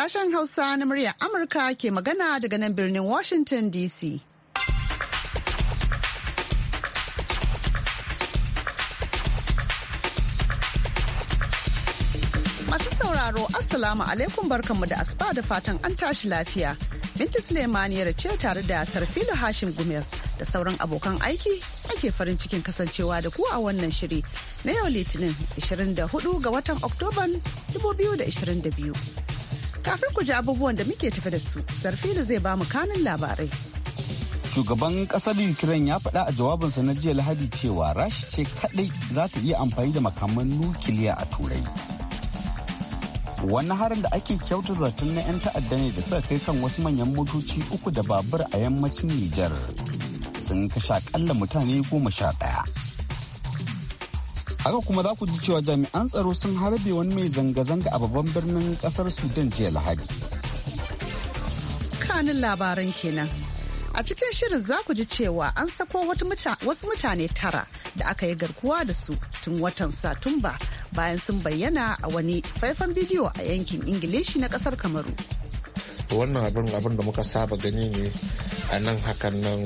Sashen Hausa na murya Amurka ke magana daga nan birnin Washington DC. Masu sauraro, Assalamu alaikum barkanmu da asuba da fatan an tashi lafiya. Binta Suleimaniyar ce tare da Sarfilu Hashim Gumel da sauran abokan aiki ake farin cikin kasancewa da ku a wannan shiri na yau Litinin 24 ga watan Oktoban 2022. Kafin ku ji abubuwan da muke tafi da su, Sarfila zai ba mu kanin labarai. Shugaban kasar Ukraine ya faɗa a jawabinsa na jiya Lahadi cewa rashi ce kaɗai za ta iya amfani da makaman nukiliya a Turai. Wani harin da ake kyautar zaton na 'yan ta'adda ne da suka kai kan wasu manyan motoci uku da babur a yammacin Nijar sun kashe akalla mutane goma sha ɗaya. haka kuma za ku ji cewa jami'an tsaro sun harbe wani mai zanga-zanga a babban birnin kasar sudan jiya lahadi kanin labaran kenan a cikin shirin za ku ji cewa an sako wasu mutane tara da aka yi garkuwa da su tun watan satumba bayan sun bayyana a wani faifan bidiyo a yankin ingilishi na kasar kamaru wannan abin abin da muka saba gani ne a nan hakan nan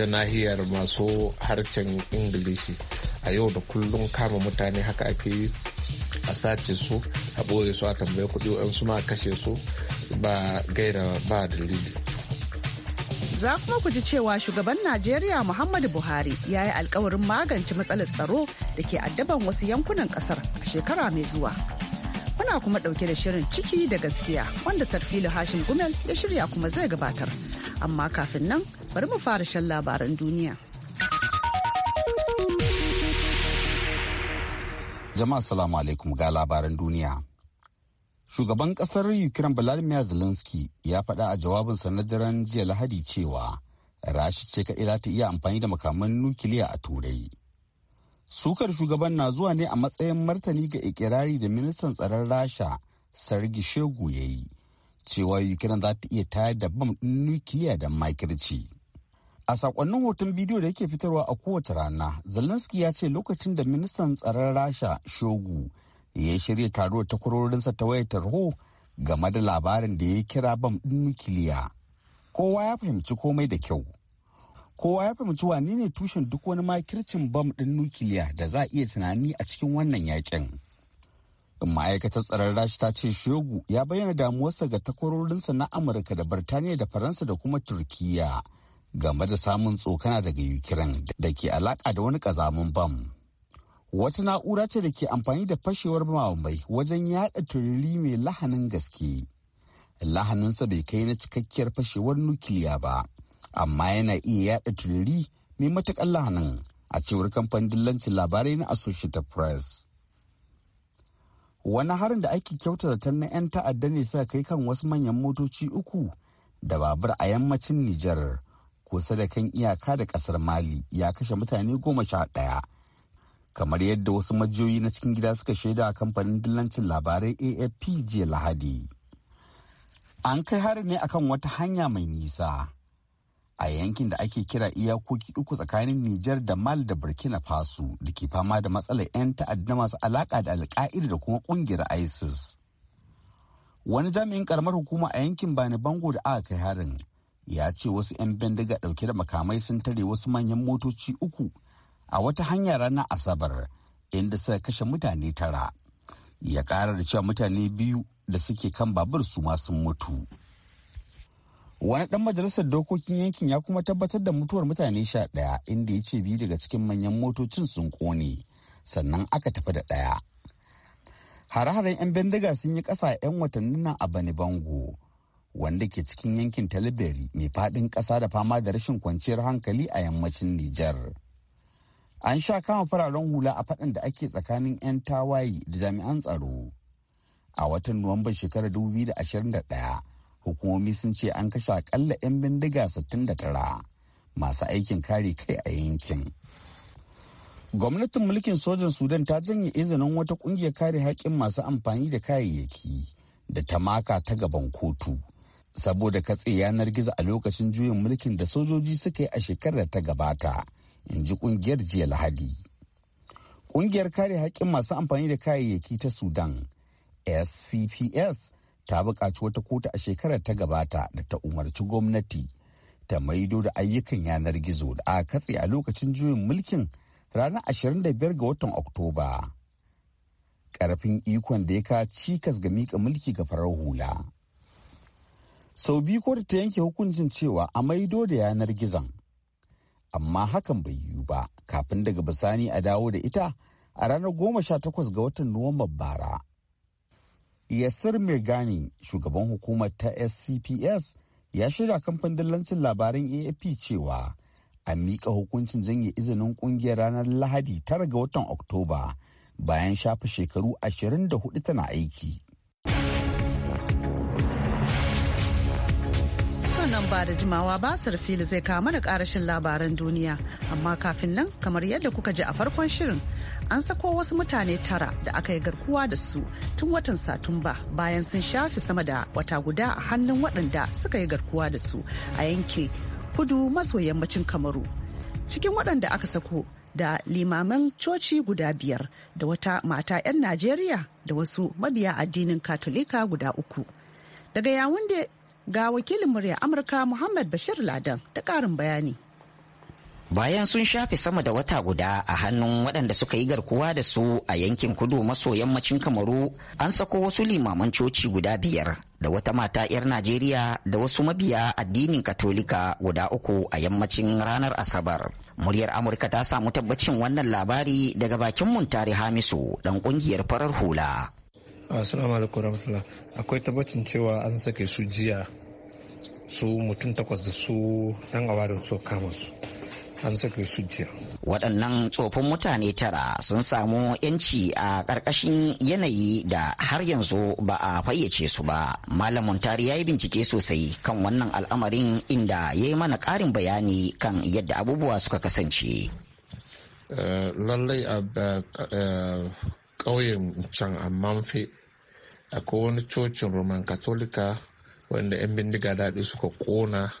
da nahiyar masu harshen ingilishi a yau da kullum kama mutane haka ake yi a sace su a ɓoye su a tambaye kuɗi in su ma kashe su ba gaira ba dalili. Za kuma ku ji cewa shugaban Najeriya Muhammadu Buhari ya yi alkawarin magance matsalar tsaro da ke addaban wasu yankunan kasar a shekara mai zuwa. Muna kuma ɗauke da shirin ciki da gaskiya wanda Sarfilu Hashim Gumel ya shirya kuma zai gabatar. Amma kafin nan bari mu fara shan labaran duniya. Jama'a salamu alaikum ga labaran duniya. Shugaban kasar Ukraine Vladimir Zelensky ya faɗa a jawabinsa na daren jiya Lahadi cewa Rashi ce kaɗai za ta iya amfani da makaman nukiliya a Turai. Sukar shugaban na zuwa ne a matsayin martani ga ikirari da ministan tsaron Rasha sargi Shegu ya yi, cewa Ukraine za ta iya tayar da bam ɗin nukiliya da makirci. A sakonnin hoton bidiyo da yake fitarwa a kowace rana, Zelensky ya ce lokacin da ministan tsaron Rasha Shogu ya shirya taro ta kurorinsa ta wayar tarho game da labarin da ya kira bam ɗin nukiliya. Kowa ya fahimci komai da kyau. Kowa ya fahimci wane ne tushen duk wani makircin bam ɗin nukiliya da za a iya tunani a cikin wannan yakin. Ma'aikatar tsaron Rasha ta ce Shogu ya bayyana damuwarsa ga takwarorinsa na Amurka da Birtaniya da Faransa da kuma Turkiyya. game da samun tsokana daga ukraine da ke alaka da wani kazamin bam wata na'ura ce da ke amfani da fashewar bai wajen yada turiri mai lahanin gaske lahaninsa bai kai na cikakkiyar fashewar nukiliya ba amma yana iya yada turiri mai matakan lahanin a cewar kamfanin dillancin labarai na associated press wani harin da ake kyauta zaton na 'yan ta'adda ne suka kai kan wasu manyan motoci uku da babur a yammacin nijar kusa da kan iyaka da kasar mali ya kashe mutane goma sha ɗaya kamar yadda wasu majiyoyi na cikin gida suka shaida a kamfanin dillancin labarai afp jiya lahadi an kai hari ne akan wata hanya mai nisa a yankin da ake kira iyakoki uku tsakanin Nijar da Mali da Burkina Faso da ke fama da matsalar 'yan ta'adda masu alaka da alka'ida da kuma kungiyar ISIS. Wani jami'in karamar hukuma a yankin Bani Bango da aka kai harin ya ce wasu 'yan bindiga ɗauke da makamai sun tare wasu manyan motoci uku a wata hanya ranar asabar inda suka kashe mutane tara ya ƙara da cewa mutane biyu da suke kan babur su ma sun mutu wani ɗan majalisar dokokin yankin ya kuma tabbatar da mutuwar mutane sha ɗaya inda ya ce biyu daga cikin manyan motocin sun ƙone sannan aka tafi da ɗaya hare-haren 'yan bindiga sun yi ƙasa 'yan watannin nan a bani bango wanda ke cikin yankin talibiri mai faɗin ƙasa da fama da rashin kwanciyar hankali a yammacin Nijar. An sha kama fararen hula a faɗin da ake tsakanin 'yan tawaye da jami'an tsaro. A watan Nuwamban shekarar 2021, hukumomi sun ce an kashe akalla 'yan bindiga 69 masu aikin kare kai a yankin. Gwamnatin mulkin sojan Sudan ta janye izinin wata ƙungiyar kare haƙƙin masu amfani da kayayyaki da ta maka ta gaban kotu saboda katse yanar gizo a lokacin juyin mulkin da sojoji suka yi a shekarar ta gabata in ji kungiyar jiya lahadi kungiyar kare haƙƙin masu amfani da kayayyaki ta sudan scps ta buƙaci wata kotu a shekarar ta gabata da ta umarci gwamnati ta maido da ayyukan yanar gizo da aka katse a lokacin juyin mulkin ranar 25 ga watan oktoba ƙarfin ikon da ya ka cikas ga mika mulki ga farar hula sau biyu ko ta yanke hukuncin cewa a maido da yanar gizon amma hakan bai yiwu ba kafin daga bisani a dawo da ita a ranar goma sha takwas ga watan nuwamban bara yasir mirgani shugaban hukumar ta scps ya shirya kamfan dillancin labarin afp cewa a mika hukuncin janye izinin ƙungiyar ranar lahadi tara ga watan oktoba bayan shafe shekaru ashirin da hudu tana aiki. nan ba da jimawa ba sarfili zai kawo mana karashin labaran duniya amma kafin nan kamar yadda kuka ji a farkon shirin an sako wasu mutane tara da aka yi garkuwa da su tun watan satumba bayan sun shafi sama da wata guda a hannun waɗanda suka yi garkuwa da su a yanke kudu maso yammacin kamaru cikin waɗanda aka sako da limaman coci guda biyar da wata mata 'yan najeriya da wasu mabiya addinin katolika guda uku daga yawun Ga wakilin murya Amurka Muhammad Bashir Ladan da karin bayani. Bayan sun shafe sama da wata guda a hannun waɗanda suka yi garkuwa da su a yankin kudu maso yammacin Kamaru, an sako wasu limaman coci guda biyar da wata mata 'yar Najeriya da wasu mabiya addinin Katolika guda uku a yammacin ranar Asabar. Muryar Amurka ta samu tabbacin wannan labari daga bakin Muntari Hamisu ɗan ƙungiyar farar hula. assalamu alaikum rahmatullah akwai tabbacin cewa an sake su jiya su mutum takwas da su yan awarin so kama su an sake su jiya waɗannan tsofin mutane tara sun samu yanci a ƙarƙashin yanayi da har yanzu ba a fayyace su ba malamin tari ya yi bincike sosai kan wannan al'amarin inda ya yi mana ƙarin bayani kan yadda abubuwa suka kasance eh, lallai a eh, eh, ƙauyen can amma mafi akwai wani cocin roman katolika wanda 'yan bindiga daɗi suka ƙona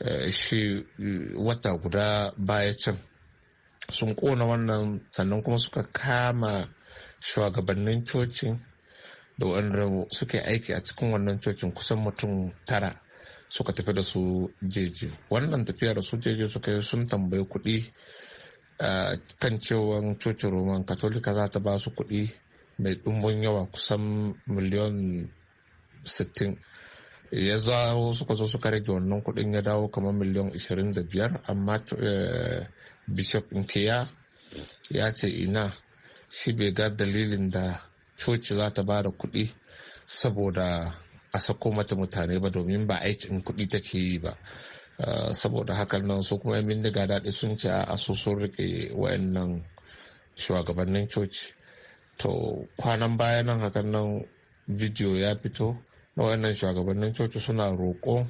eh, shi eh, wata guda baya can sun kona wannan sannan kuma suka kama shugabannin cocin da wanda suke aiki a cikin wannan cocin kusan mutum tara suka tafi da su jeje wannan tafiya da su jeje suka yi sun tambayi kuɗi eh, kan cewa cocin roman katolika za ta ba su kuɗi mai ɗumbin yawa kusan miliyan 60 ya zawo suka zo suka rage wannan kuɗin ya dawo kamar miliyan 25 amma eh, bishop nkiya ya ce ina shi bai ga dalilin da coci za ta ba da kuɗi saboda a sako mata mutane ba domin ba aikin kuɗi take yi ba eh, saboda hakan nan su kuma yan bindiga daɗi sun ce a sun rike wayannan shugabannin coci to kwanan baya nan hakan nan bidiyo ya fito na wannan shugabannin coci suna roƙo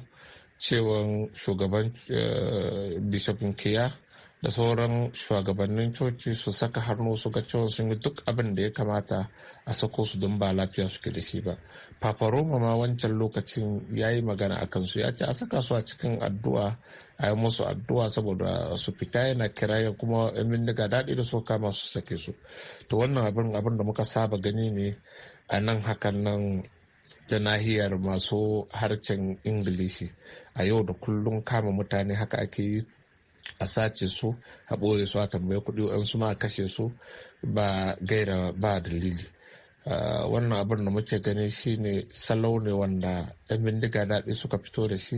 cewan shugaban eh, bishop nkiya. da sauran shugabannin coci su saka hannu su ga cewa sun yi duk abin da ya kamata a sako su don ba lafiya suke da shi ba papa roma ma wancan lokacin ya yi magana a kansu ya ce a saka su a cikin addu'a a yi musu addu'a saboda su fita yana kira ya kuma min daga daɗi da soka masu sake su to wannan abin abin da muka saba gani ne a nan hakan nan da nahiyar masu harcen ingilishi a yau da kullum kama mutane haka ake yi a sace su a ɓoye su a tambaye kuɗi an su ma a kashe su ba gaira ba dalili wannan abin da muke gani shine salo ne wanda 'yan bindiga daɗi suka fito da shi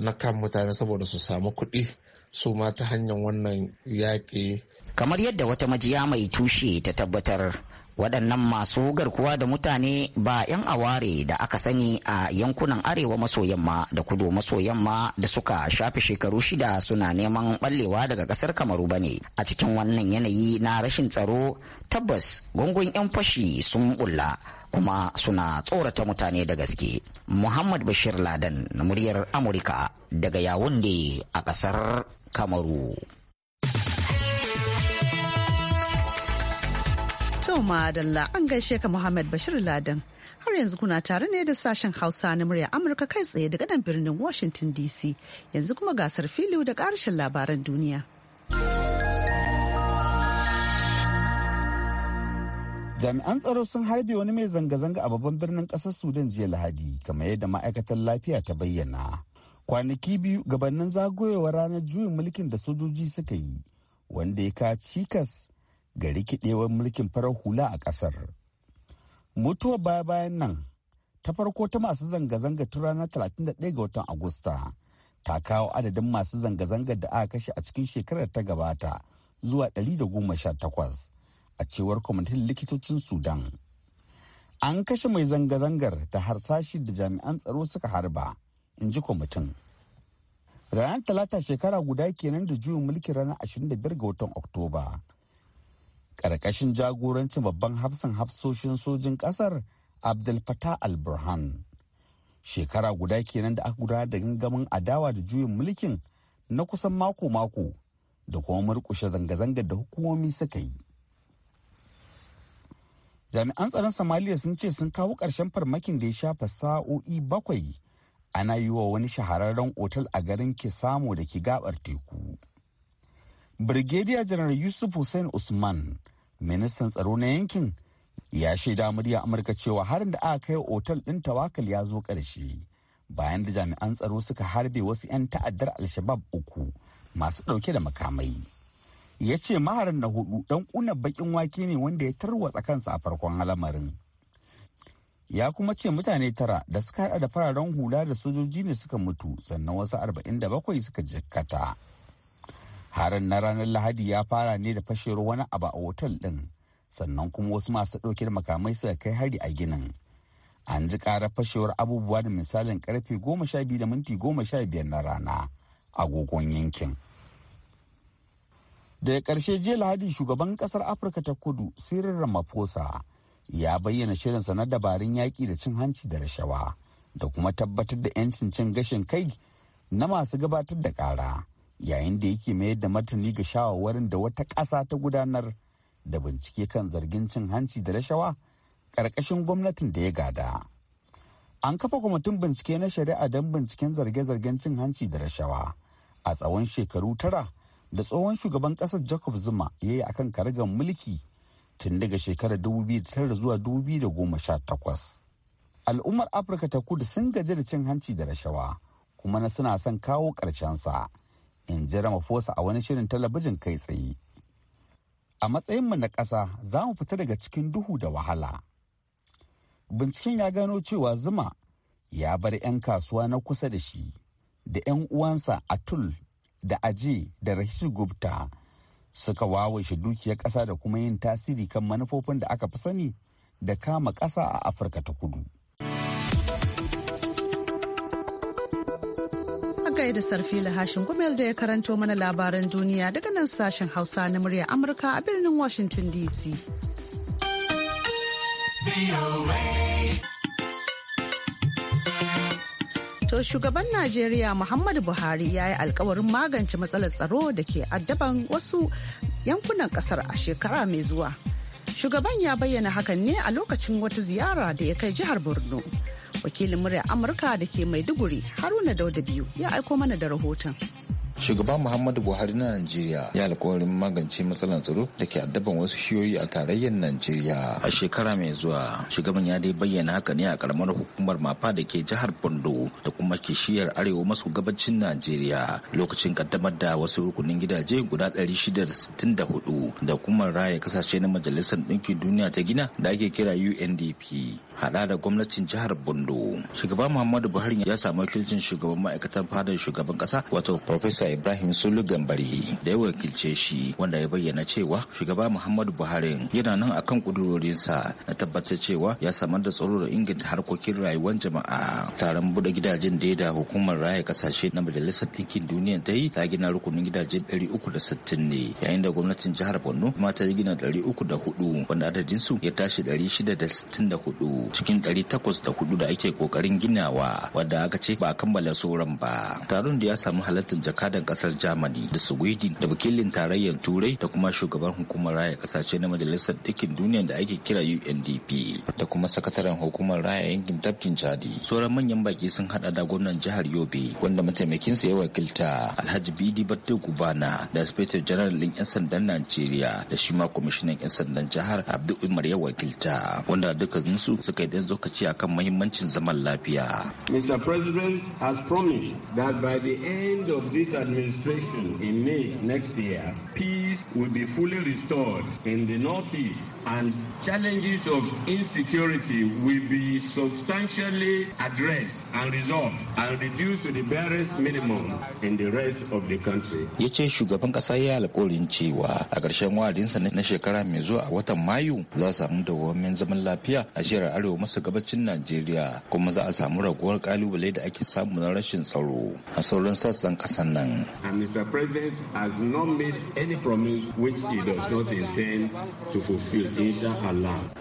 na kan mutane saboda su samu kuɗi su ma ta hanyar wannan yaƙi. Kamar yadda wata majiya mai tushe ta tabbatar waɗannan masu garkuwa da mutane ba 'yan aware da aka sani a yankunan arewa maso yamma da kudu maso yamma da suka shafi shekaru shida suna neman ɓallewa daga ƙasar kamaru ba ne a cikin wannan yanayi na rashin tsaro tabbas gungun 'yan fashi sun bulla kuma suna tsorata mutane da gaske muhammad bashir ladan na muryar amurka daga yawunde a ƙasar kamaru To madalla an gaishe ka Muhammad Bashir Ladan. Har yanzu kuna tare ne da sashen Hausa na murya Amurka kai tsaye daga nan birnin Washington DC. Yanzu kuma gasar filiu da karshen labaran duniya. Jami'an tsaro sun harbe wani mai zanga-zanga a babban birnin ƙasar Sudan jiya Lahadi, kamar yadda ma'aikatar lafiya ta bayyana. Kwanaki biyu gabanin zagayowar ranar juyin mulkin da sojoji suka yi, wanda ya ka cikas ga rikidewar mulkin farar hula a kasar. Mutuwar baya-bayan nan ta farko ta masu zanga-zanga tun ranar 31 ga watan Agusta ta kawo adadin masu zanga-zangar da aka kashe a cikin shekarar ta gabata zuwa 118 a cewar kwamitin likitocin Sudan. An kashe mai zanga-zangar da harsashi da jami'an tsaro suka harba, in ji kwamitin. Ranar Talata shekara guda kenan da juyin mulkin ranar 25 ga watan Oktoba. ƙarƙashin jagorancin babban hafsan hafsoshin sojin ƙasar abdul fatah al-burhan shekara guda kenan da aka gudanar da gangamin adawa da juyin mulkin na kusan mako-mako da kuma murƙushe zanga-zangar da hukumomi suka yi jami'an tsaron somaliya sun ce sun kawo ƙarshen farmakin da ya shafa sa'o'i bakwai ana yi wa wani shahararren otal a garin kisamo da ke gabar teku brigadier general yusuf hussein usman ministan tsaro na yankin ya shaida murya amurka cewa harin da aka kai otal ɗin tawakal ya zo ƙarshe bayan da jami'an tsaro suka harbe wasu 'yan ta'addar alshabab uku masu ɗauke da makamai ya ce maharin na hudu ɗan ƙunar baƙin wake ne wanda ya tarwatsa kansa a farkon alamarin ya kuma ce mutane tara da suka hada da fararen hula da sojoji ne suka mutu sannan wasu arba'in da bakwai suka jikkata. harin na ranar lahadi ya fara ne da fashewar wani abu a otal ɗin sannan kuma wasu masu ɗauke da makamai suka kai hari a ginin an ji ƙarar fashewar abubuwa da misalin karfe goma sha biyu da minti goma sha biyar na rana agogon yankin daga ƙarshe jiya lahadi shugaban ƙasar afirka ta kudu sirrin ramaphosa ya bayyana shirin na dabarun yaƙi da cin hanci da rashawa da kuma tabbatar da 'yancin cin gashin kai na masu gabatar da ƙara. yayin da yake mayar da martani ga shawarwarin da wata ƙasa ta gudanar da bincike kan zargin cin hanci da rashawa ƙarƙashin gwamnatin da ya gada. An kafa kwamitin bincike na shari'a don binciken zarge-zargen cin hanci da rashawa a tsawon shekaru tara da tsohon shugaban ƙasar Jacob Zuma ya yi akan karagar mulki tun daga shekarar 2009 zuwa goma sha takwas Al'ummar Afirka ta kudu sun gaji da cin hanci da rashawa kuma na suna son kawo ƙarshensa. sa. in ji Ramaphosa a wani shirin talabijin kai tsaye. A matsayinmu na ƙasa za mu fita daga cikin duhu da wahala. Binciken ya gano cewa zuma ya bar 'yan kasuwa na kusa da shi da 'yan uwansa Atul da Aji da Rahisu Gupta suka wawashe dukiyar ƙasa da kuma yin tasiri kan manufofin da aka fi sani da kama ƙasa a Afirka ta kudu. ga da sarfila hashin gumel da ya karanto mana labaran duniya daga nan sashen hausa na murya amurka a birnin washington dc To shugaban Najeriya Muhammadu Buhari ya yi alkawarin magance matsalar tsaro da ke addaban wasu yankunan kasar a shekara mai zuwa. Shugaban ya bayyana hakan ne a lokacin wata ziyara da ya kai jihar Borno. wakilin murya amurka da ke maiduguri haruna dauda biyu ya aiko mana da rahoton Shugaban Muhammadu Buhari na Najeriya ya alkawarin magance matsalar tsaro da ke addaban wasu shiyoyi a tarayyar Najeriya. A shekara mai zuwa, shugaban ya dai bayyana haka ne a karamar hukumar Mafa da ke jihar Bondo da kuma kishiyar arewa maso gabacin Najeriya lokacin kaddamar da wasu rukunin gidaje guda 664 da da hudu kuma raya kasashe na Majalisar Ɗinkin Duniya ta gina da ake kira UNDP. Hada da gwamnatin jihar Bondo. shugaban Muhammadu Buhari ya samu kilcin shugaban ma'aikatan fadar shugaban kasa wato Professor Ibrahim Sulu Gambari da ya wakilce shi wanda ya bayyana cewa shugaba Muhammadu Buhari yana nan akan kudurorinsa na tabbatar cewa ya samar da tsaro da inganta harkokin rayuwar jama'a. Taron buɗe gidajen da ya da hukumar raya kasashe na Majalisar Ɗinkin Duniya ta yi ta gina rukunin gidaje 360 ne yayin da gwamnatin jihar Borno ma ta gina 304 wanda adadin su ya tashi 664 cikin takwas da da ake kokarin ginawa wanda aka ce ba a kammala sauran ba. Taron da ya samu halartar jakar jakadan kasar Germany da Sweden da wakilin tarayyar Turai da kuma shugaban hukumar raya kasashe na Majalisar Ɗinkin Duniya da ake kira UNDP da kuma sakataren hukumar raya yankin tafkin Chadi. Sauran manyan baki sun hada da gwamnan jihar Yobe wanda mataimakin sa ya wakilta Alhaji Bidi Batte Gubana da Inspector General ɗin 'yan sandan Najeriya da shi ma kwamishinan 'yan sandan jihar Abdul Umar ya wakilta wanda su suka yi dan zokaci akan mahimmancin zaman lafiya. Mr. President has promised that by the end of this administration in May next year, peace will be fully restored in the Northeast and challenges of insecurity will be substantially addressed and resolved and reduced to the barest minimum in the rest of the country. Ya ce shugaban kasa ya alƙawarin cewa a ƙarshen wa'adinsa na shekara mai zuwa a watan Mayu za a samu dawamin zaman lafiya a shirar arewa maso gabacin Najeriya kuma za a samu raguwar ƙalubale da ake samu na rashin tsaro a sauran sassan ƙasar nan. Biden. And Mr. President has not made any promise which he does not intend to fulfill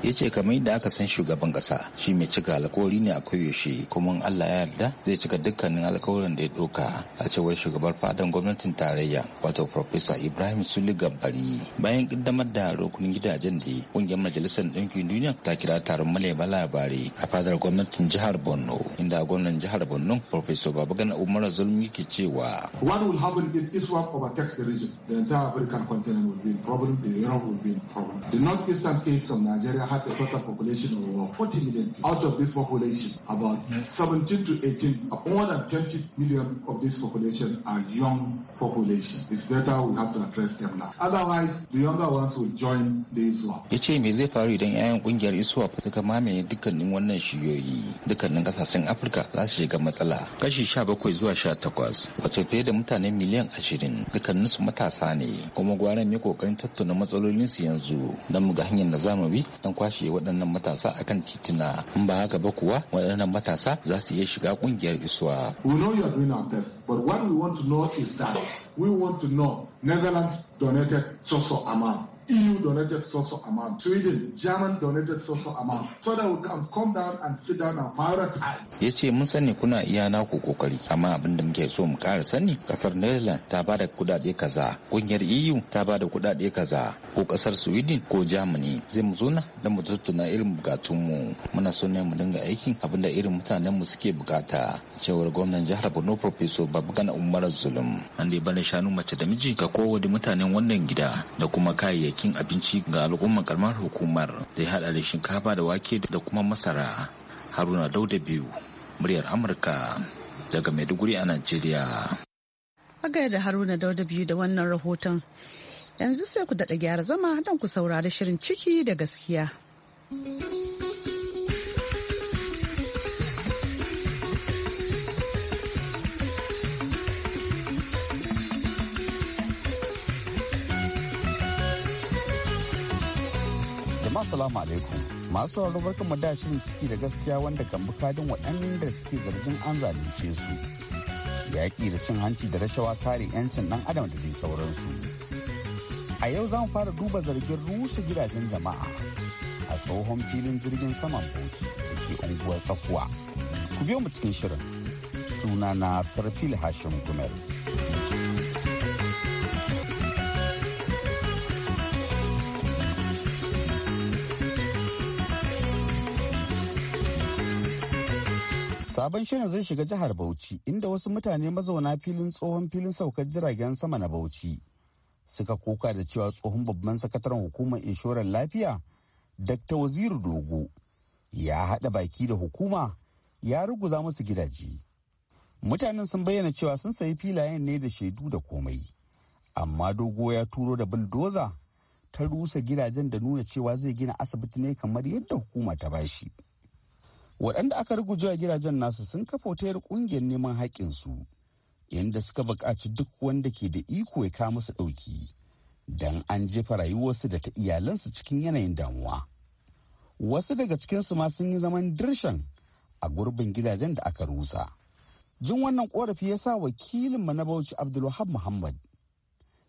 Ya ce kamar yadda aka san shugaban kasa shi mai cika alkawari ne a koyaushe kuma Allah ya yarda zai cika dukkanin alkawarin da ya doka a cewar shugabar fadan gwamnatin tarayya wato Professor Ibrahim Suli Gambari. Bayan kaddamar da rukunin gidajen da kungiyar majalisar ɗinkin duniya ta kira taron malema labari a fadar gwamnatin jihar Borno inda gwamnan jihar Borno Professor Babagana Umar Zulmi ke cewa. What will happen if ISWAP overtakes the region? The entire African continent will be in problem. The Europe will be in problem. The northeastern states of Nigeria has a total population of over 40 million Out of this population, about 17 to 18, more than 20 million of this population are young population. It's better we have to address them now. Otherwise, the younger ones will join the ISWAP. Ya ce me zai faru idan 'ya'yan kungiyar ISWAP suka mamaye dukkanin wannan shiyoyi dukkanin kasashen Afirka za su shiga matsala kashi 17 zuwa 18 wato fiye da mutane mutane miliyan ashirin dukkaninsu matasa ne kuma gwara mai kokarin tattuna matsalolinsu yanzu don mu ga hanyar da zamu bi don kwashe waɗannan matasa akan titina in ba haka ba kuwa waɗannan matasa za su iya shiga ƙungiyar isuwa. We know you are doing our best, but what we want to know is that we want to know Netherlands donated so so amount EU donated such amount. Sweden, German donated such amount. So that we can come down and sit down and prioritize. Ya ce mun sani kuna iya naku kokari amma abin da muke so mu kara sani kasar Netherlands ta bada kudade kaza, kungiyar EU ta bada kudade kaza, ko kasar Sweden ko Germany. Zai mu zona da mu tattuna irin bukatunmu. Muna so ne mu dinga aikin da irin mutanen mu suke bukata. Cewar gwamnan jihar Borno Professor Babagana Umar Zulum. An dai bada shanu mace da miji ga kowane mutanen wannan gida da kuma kayayyaki kayayyakin abinci ga al'umman karamar hukumar da ya hada da shinkafa da wake da kuma masara haruna dauda biyu muryar amurka daga maiduguri a najeriya agaya da haruna dauda biyu da wannan rahoton yanzu sai ku daɗa gyara zama don ku saurari shirin ciki da gaskiya. Assalamu alaikum masu sauraro mu da shirin ciki da gaskiya wanda kan bukadin waɗanda suke zargin an zalunce su yaƙi da cin hanci da rashawa kare 'yancin ɗan adam da dai sauransu a yau za mu fara duba zargin rushe gidajen jama'a a tsohon filin jirgin saman bauchi da ke unguwar tsakuwa ku biyo mu cikin shirin sunana sarfil hashim gumel Sabon shirin zai shiga jihar Bauchi inda wasu mutane mazauna filin tsohon filin saukar jiragen sama na Bauchi suka koka da cewa tsohon babban sakataren hukumar inshorar lafiya Dr. Waziru Dogo ya haɗa baki da hukuma ya ruguza musu gidaje. Mutanen sun bayyana cewa sun sayi filayen ne da shaidu da komai. Amma Dogo ya turo da buldoza ta rusa gidajen da nuna cewa zai gina asibiti ne kamar yadda hukuma ta bashi. waɗanda aka ruguje a gidajen nasu sun kafa wata ƙungiyar neman haƙƙinsu yadda suka buƙaci duk wanda ke da iko ya kawo musu ɗauki don an jefa rayuwarsu da ta iyalansu cikin yanayin damuwa wasu daga cikinsu ma sun yi zaman dirshan a gurbin gidajen da aka rusa jin wannan korafi ya sa wakilin na bauchi abdulwahab muhammad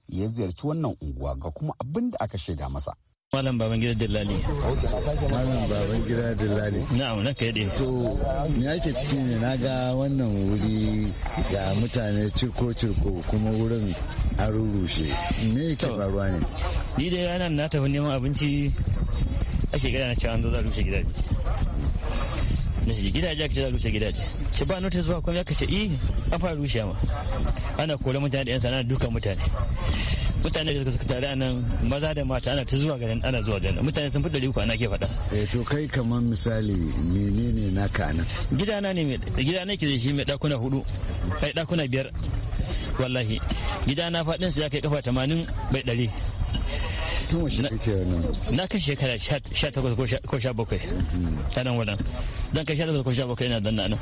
ya ziyarci wannan unguwa ga kuma abin da aka shaida masa Malam Babangida Dillali. Malam Babangida Dillali. Na'am, na ka yade. To, me yake ciki ne na ga wannan wuri ga mutane cirko-cirko kuma wurin a rurushe. Me yake faruwa ne? Ni dai ranar na tafi neman abinci a shekara na cewa an zo za a rushe gidaje. Na shi gidaje aka ce za a rushe gidaje. Ce ba notice ba kuma ya kashe i eh, an fara rushe ma. Ana kore mutane da 'yan sana'a dukan mutane. mutane da suka tare nan maza da mata ana ta zuwa garin ana zuwa garin mutane sun fi ɗari uku ana ke faɗa. eh to kai kamar misali menene naka nan. gidana ne gidana ke da shi mai ɗakuna hudu kai ɗakuna biyar wallahi gidana faɗinsa ya kai kafa tamanin bai ɗari tun wace kake wannan na kai shekara 18 ko 17 sanan mhm. wannan dan kai 18 ko 17 ina dan nan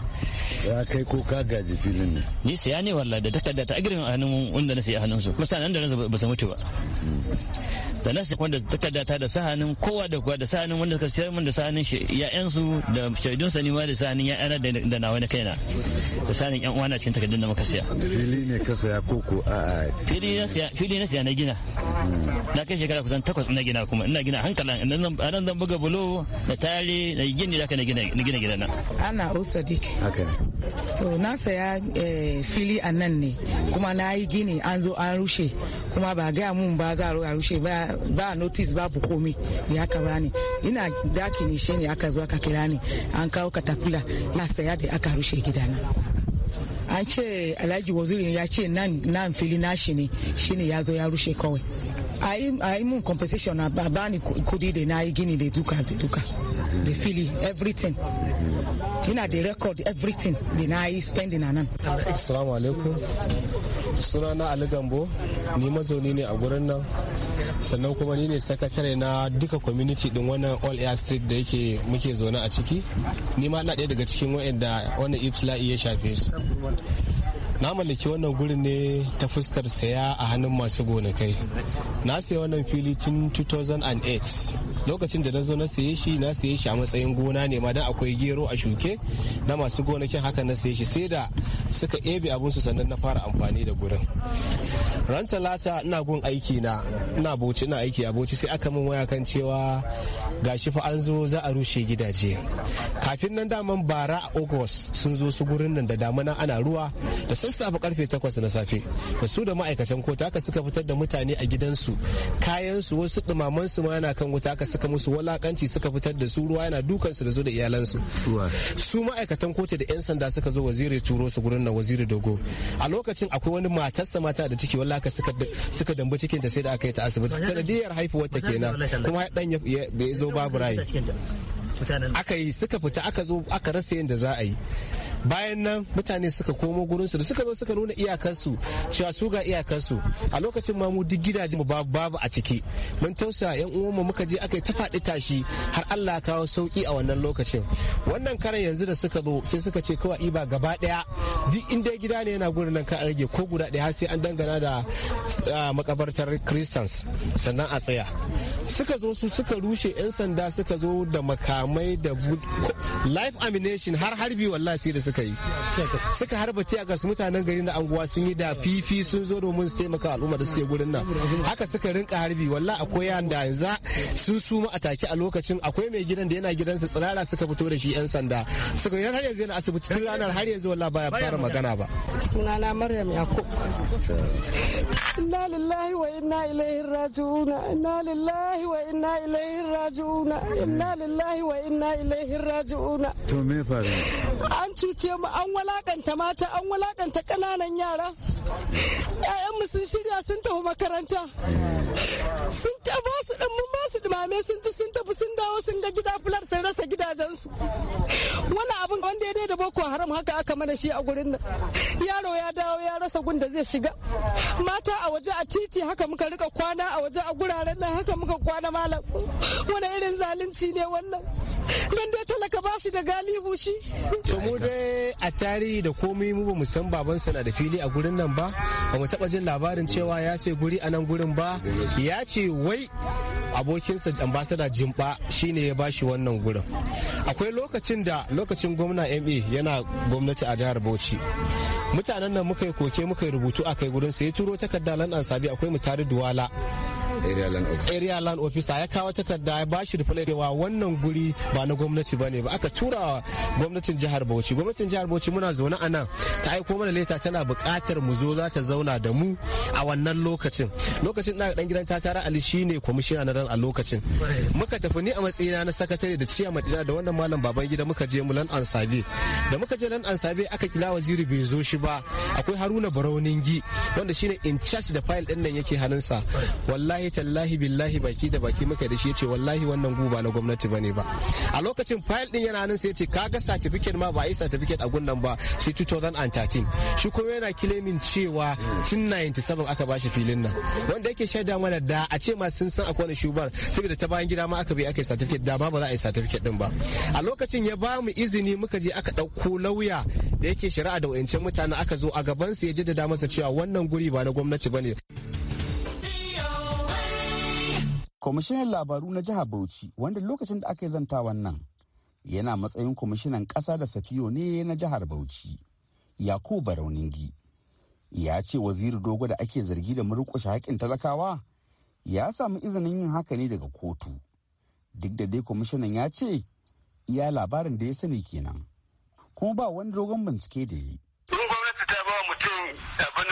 ya kai ko ka gaji filin ne ni saya ne walla da takarda ta agirin a hannun wanda na saya hannun su nan da ba su mutu ba mhm. da nasu wanda ta ta da sahanin kowa da kowa da sahanin wanda suka sayar min da sahanin su da shaidun sani ma da sahanin ya'yana da na na kaina da sahanin yan uwana cikin takardun da muka siya fili ne ka saya ko ko a fili na siya na gina na kai shekara kusan takwas ina gina kuma ina gina hankalan a zan buga bulo na tare na gini da na gina gina ana usadik dik so na saya eh, fili a nan ne kuma na yi gini an zo an rushe kuma ba gaya mun ba za a rushe ba notice ba bu komi ya ba bani ina daki ne shi ne aka zo aka kira ni an kawo katapila ya saya da aka rushe gidana an ce alhaji waziri ya ce nan fili nashi ne ne ya zo ya rushe kawai a yi mun compensation na a ni kudi da na yi gini da duka da duka da fili everything yana da record everything da na yi spending anan. nan assalamu alaikum sunana ali gambo ni mazauni ne a gurin nan sannan kuma ni ne sakatare na duka community din wannan all air street da yake muke zaune a ciki ni ma na ɗaya daga cikin wa'anda wannan ifla'i ya shafe su na mallaki wannan gurin ne ta fuskar saya a hannun masu gonakai na saya wannan fili tun 2008 lokacin da na zo na saye shi na saye shi a matsayin gona ne ma dan akwai gero a shuke na masu gonakin haka na saye shi sai da suka ebe su sannan na fara amfani da gurin ran talata ina gun aiki na ina boci ina aiki a sai aka min waya kan cewa gashi fa an zo za a rushe gidaje kafin nan daman bara a august sun zo su gurin nan da damuna ana ruwa da sassafe karfe 8 na safe da su da ma'aikatan kota haka suka fitar da mutane a gidansu kayansu wasu dumaman su ma yana kan wuta aka suka musu walakanci suka fitar da su ruwa yana dukansu da su da iyalansu su ma'aikatan kota da yan sanda suka zo waziri turo su gurin nan wazirin dogo a lokacin akwai wani matarsa mata da ciki wala aka suka suka cikinta cikin sai da aka yi ta asibiti sanadiyar haifuwar ta kenan kuma dan ya zo babu rai aka yi suka fita aka zo aka rasa yadda za a yi bayan nan mutane suka komo gurinsu da suka zo suka nuna iyakarsu cewa su ga iyakarsu a lokacin ma mu duk gidaje mu babu babu a ciki mun tausa yan uwan mu muka je aka yi ta faɗi tashi har Allah ya kawo sauki a wannan lokacin wannan karan yanzu da suka zo sai suka ce kawai iba gaba ɗaya duk inda gida ne yana gurin nan ka rage ko guda ɗaya har sai an dangana da makabartar Christians sannan a tsaya suka zo su suka rushe yan sanda suka zo da makamai da life amination har harbi wallahi sai da suka yi suka harba tiyagas mutanen garin da anguwa sun yi da fifi sun zo domin su taimaka al'umma da suke gurin nan haka suka rinka harbi walla akwai yan da yanzu sun suma a take a lokacin akwai mai gidan da yana gidansa tsirara suka fito da shi yan sanda suka yi har yanzu yana asibiti tun ranar har yanzu walla baya fara magana ba sunana maryam yakub inna lillahi wa inna ilaihi raji'una inna lillahi wa inna ilaihi raji'una inna lillahi wa inna ilaihi raji'una to me faru an cuta ce mu an walakanta mata an walakanta ƙananan yara mu sun shirya sun tafi makaranta sun ta ba su ɗin mun ba su dumame sun ci sun tafi sun dawo sun ga gida fular sun rasa gidajensu wani abin wanda ya da boko haram haka aka mana shi a gurin nan yaro ya dawo ya rasa gun da zai shiga mata a waje a titi haka muka rika kwana a waje a guraren nan haka muka kwana malam wani irin zalunci ne wannan wanda talaka ba shi da galibu shi to mu dai a tarihi da komai mu ba mu san baban na da fili a gurin nan ba ba mu taba jin labarin cewa ya sai guri a nan gurin ba ya ce wai abokinsa ambasada jimba shine ya bashi wannan gurin akwai lokacin da lokacin gwamna ma yana gwamnati a jihar bauchi mutanen nan muka yi koke muka yi rubutu a kai gurin sai turo takarda lan ansabi akwai mutare duwala area land officer ya kawo takarda ya bashi reply cewa wannan guri ba na gwamnati bane ba aka tura gwamnatin jihar Bauchi gwamnatin jihar Bauchi muna zaune a nan ta aiko mana leta tana buƙatar mu zo za ta zauna da mu a wannan lokacin lokacin na dan gidan tatara Ali shine kwamishina na ran a lokacin muka tafi ni a matsayina na sakatare da ciya madina da wannan malam baban gida muka je mu lan ansabe da muka je lan ansabe aka kila waziri bai zo shi ba akwai Haruna Barauningi wanda shine in charge da file din nan yake hannunsa wallahi wallahi tallahi billahi baki da baki muka da shi ya ce wallahi wannan guba na gwamnati ba ne ba a lokacin fayil din yana nan sai ya ce kaga certificate ma ba a yi certificate a gunnan ba sai 2013 shi kuma yana kilemin cewa tun 97 aka bashi filin nan wanda yake shaida mana da a ce ma sun san akwai wani shubar saboda ta bayan gida ma aka bi aka yi certificate da ma ba za a yi certificate din ba a lokacin ya ba mu izini muka je aka dauko lauya da yake shari'a da wayancan mutane aka zo a gaban su ya jaddada masa cewa wannan guri ba na gwamnati bane kwamishinan labaru na jihar bauchi wanda lokacin da aka yi zanta wannan yana matsayin kwamishinan ƙasa da safiyo ne na jihar bauchi yakubu barauningi ya ce waziri dogo da ake zargi da murƙushe haƙƙin talakawa ya samu izinin yin haka ne daga kotu duk da dai kwamishinan ya ce iya labarin da ya sani kenan kuma ba wani dogon bincike da ya yi. in gwamnati ta ba mutum abin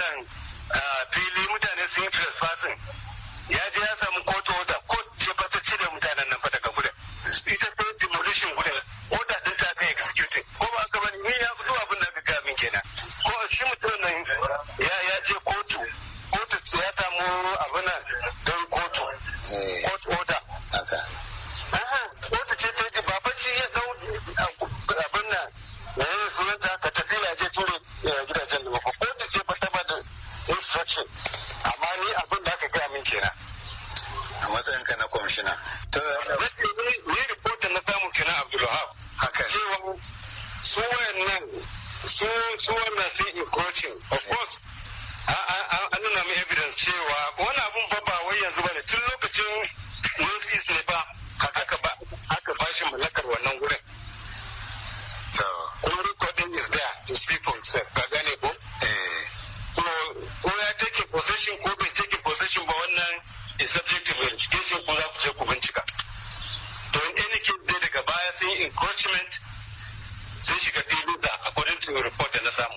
report da na samu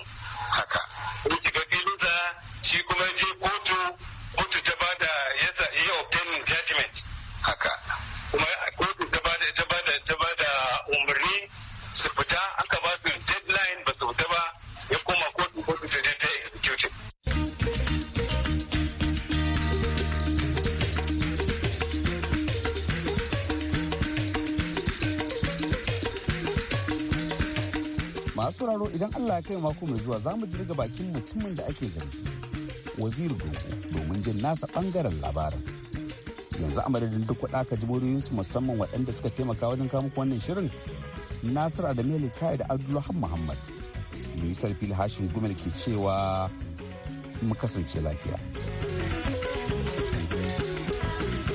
haka idan Allah ya kai mako mai zuwa za mu ji daga bakin mutumin da ake zargi wazir dogo domin jin nasa bangaren labarin yanzu a madadin duk kuɗa ka su musamman waɗanda suka taimaka wajen kamu wannan shirin nasir adamele kai da abdulhamid muhammad nisar fil hashin gumel ke cewa mu kasance lafiya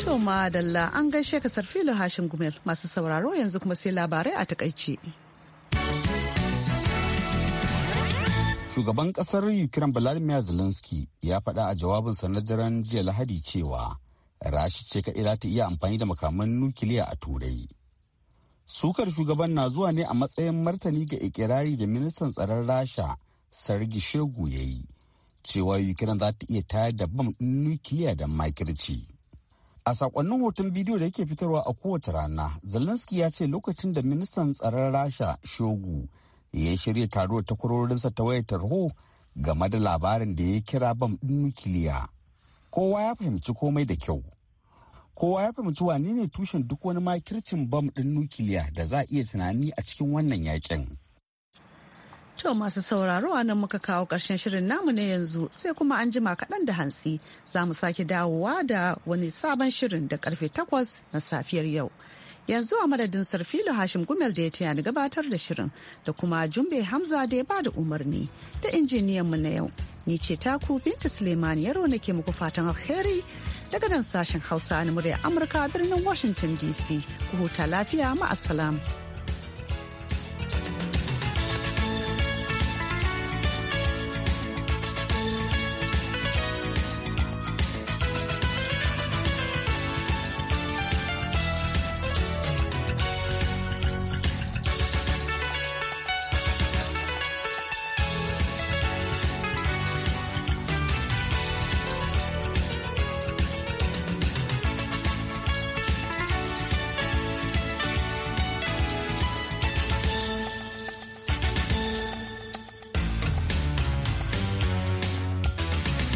to madalla an gaishe ka sarfilo hashim gumel masu sauraro yanzu kuma sai labarai a takaice. Shugaban kasar Ukraine Vladimir Zelensky ya faɗa a jawabinsa na daren jiya Lahadi cewa Rashi ce kaɗai za ta iya amfani da makaman nukiliya a Turai. Sukar shugaban na zuwa ne a matsayin martani ga ikirari da ministan tsaron Rasha sargi Shegu ya yi, cewa Ukraine za ta iya tayar da bam ɗin nukiliya da makirci. A sakonnin hoton bidiyo da yake fitarwa a kowace rana, Zelensky ya ce lokacin da ministan tsaron Rasha Shogu ya shirya taro ta kurorinsa ta wayar tarho game da labarin da ya kira bam ɗin nukiliya kowa ya fahimci komai da kyau kowa ya fahimci wane ne tushen duk wani makircin bam ɗin nukiliya da za a iya tunani a cikin wannan yakin. To masu sauraro a nan muka kawo ƙarshen shirin namu na yanzu sai kuma an jima kaɗan da hantsi za mu sake dawowa da wani sabon shirin da karfe takwas na safiyar yau. yanzu a madadin sarfilo hashim gumel da ya taya ni gabatar da shirin da kuma jumbe hamza da ya ba da umarni da injiniyanmu na yau ni ce taku binta suleiman yaro ke muku fatan alheri daga nan sashen hausa na murya amurka birnin washington dc ku huta lafiya ma'asalam.